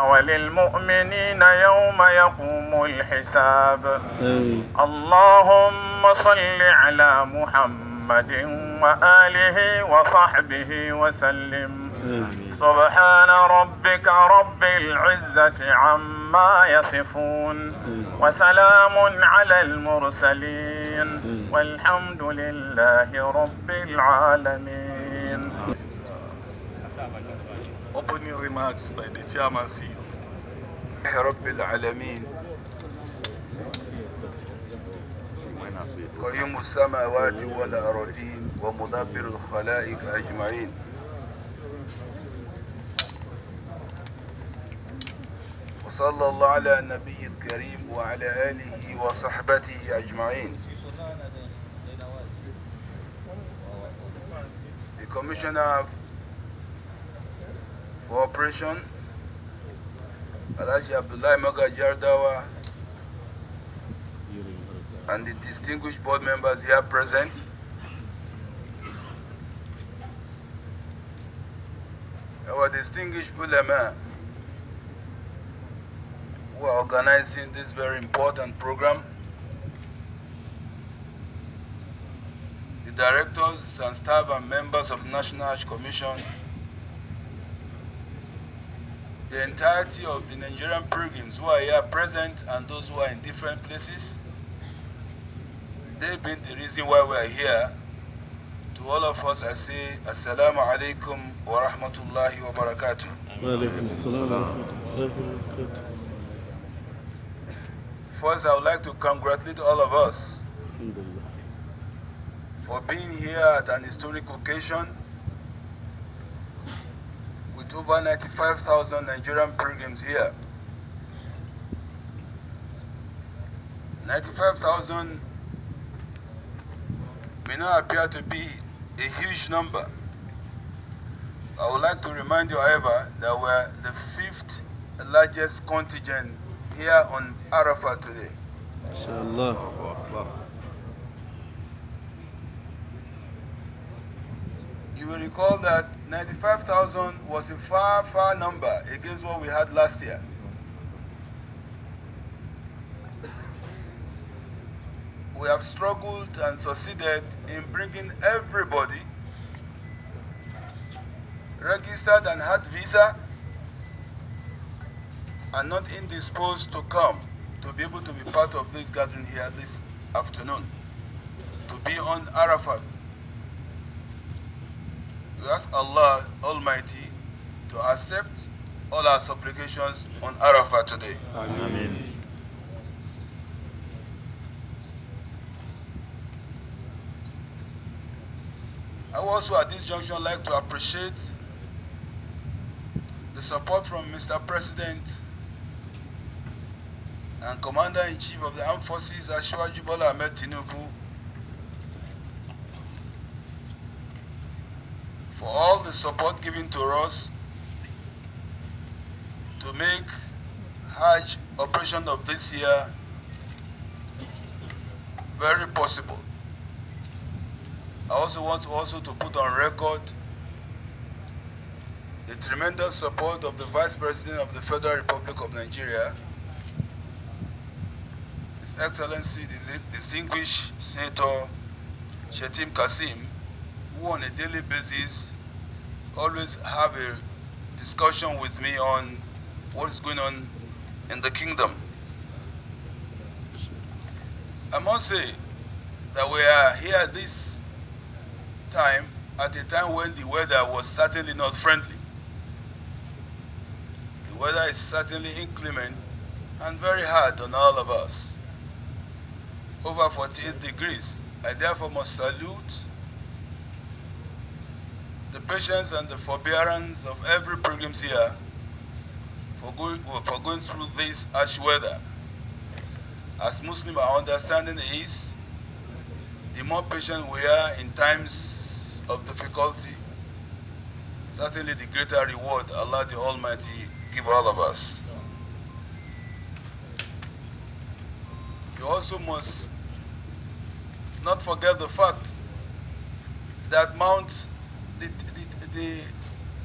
وللمؤمنين يوم يقوم الحساب اللهم صل على محمد وآله وصحبه وسلم سبحان ربك رب العزة عما يصفون وسلام على المرسلين والحمد لله رب العالمين opening remarks by the chairman CEO. رب العالمين قيوم السماوات والأرضين ومدبر الخلائق أجمعين وصلى الله على النبي الكريم وعلى آله وصحبته أجمعين The Commissioner cooperation. Alaji Abdullah Maga Jardawa and the distinguished board members here present. Our distinguished ulama who are organizing this very important program. The directors and staff and members of National Commission the entirety of the Nigerian pilgrims who are here present and those who are in different places. They've been the reason why we are here. To all of us, I say, Assalamu alaikum wa rahmatullahi wa barakatuh. First, I would like to congratulate all of us for being here at an historic occasion over 95,000 Nigerian pilgrims here. 95,000 may not appear to be a huge number. I would like to remind you, however, that we're the fifth largest contingent here on Arafat today. Inshallah. you will recall that 95,000 was a far, far number against what we had last year. We have struggled and succeeded in bringing everybody registered and had visa and not indisposed to come to be able to be part of this gathering here this afternoon, to be on Arafat we ask Allah Almighty to accept all our supplications on Arafah today. Amen. I would also at this junction like to appreciate the support from Mr. President and Commander-in-Chief of the Armed Forces, Ashwa Jubola Ahmed Tinubu, for all the support given to us to make Hajj operation of this year very possible. I also want also to put on record the tremendous support of the Vice President of the Federal Republic of Nigeria, His Excellency, distinguished Senator Shetim Kasim, who on a daily basis always have a discussion with me on what is going on in the kingdom. I must say that we are here this time at a time when the weather was certainly not friendly. The weather is certainly inclement and very hard on all of us. Over 48 degrees. I therefore must salute the patience and the forbearance of every pilgrim here for going, for going through this harsh weather. As Muslim, our understanding is the more patient we are in times of difficulty, certainly the greater reward Allah the Almighty give all of us. You also must not forget the fact that Mount the, the,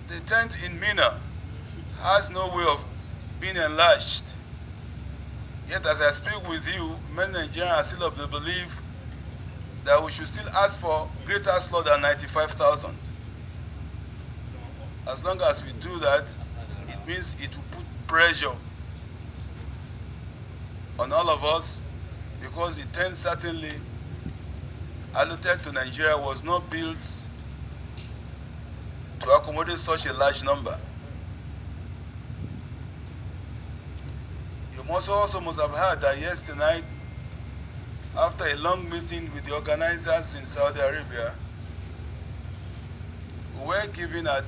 the, the tent in Mina has no way of being enlarged. Yet, as I speak with you, many Nigerians are still of the belief that we should still ask for greater slot than 95,000. As long as we do that, it means it will put pressure on all of us because the tent certainly alluded to Nigeria was not built to accommodate such a large number. You must also must have heard that yesterday night, after a long meeting with the organizers in Saudi Arabia, we were given a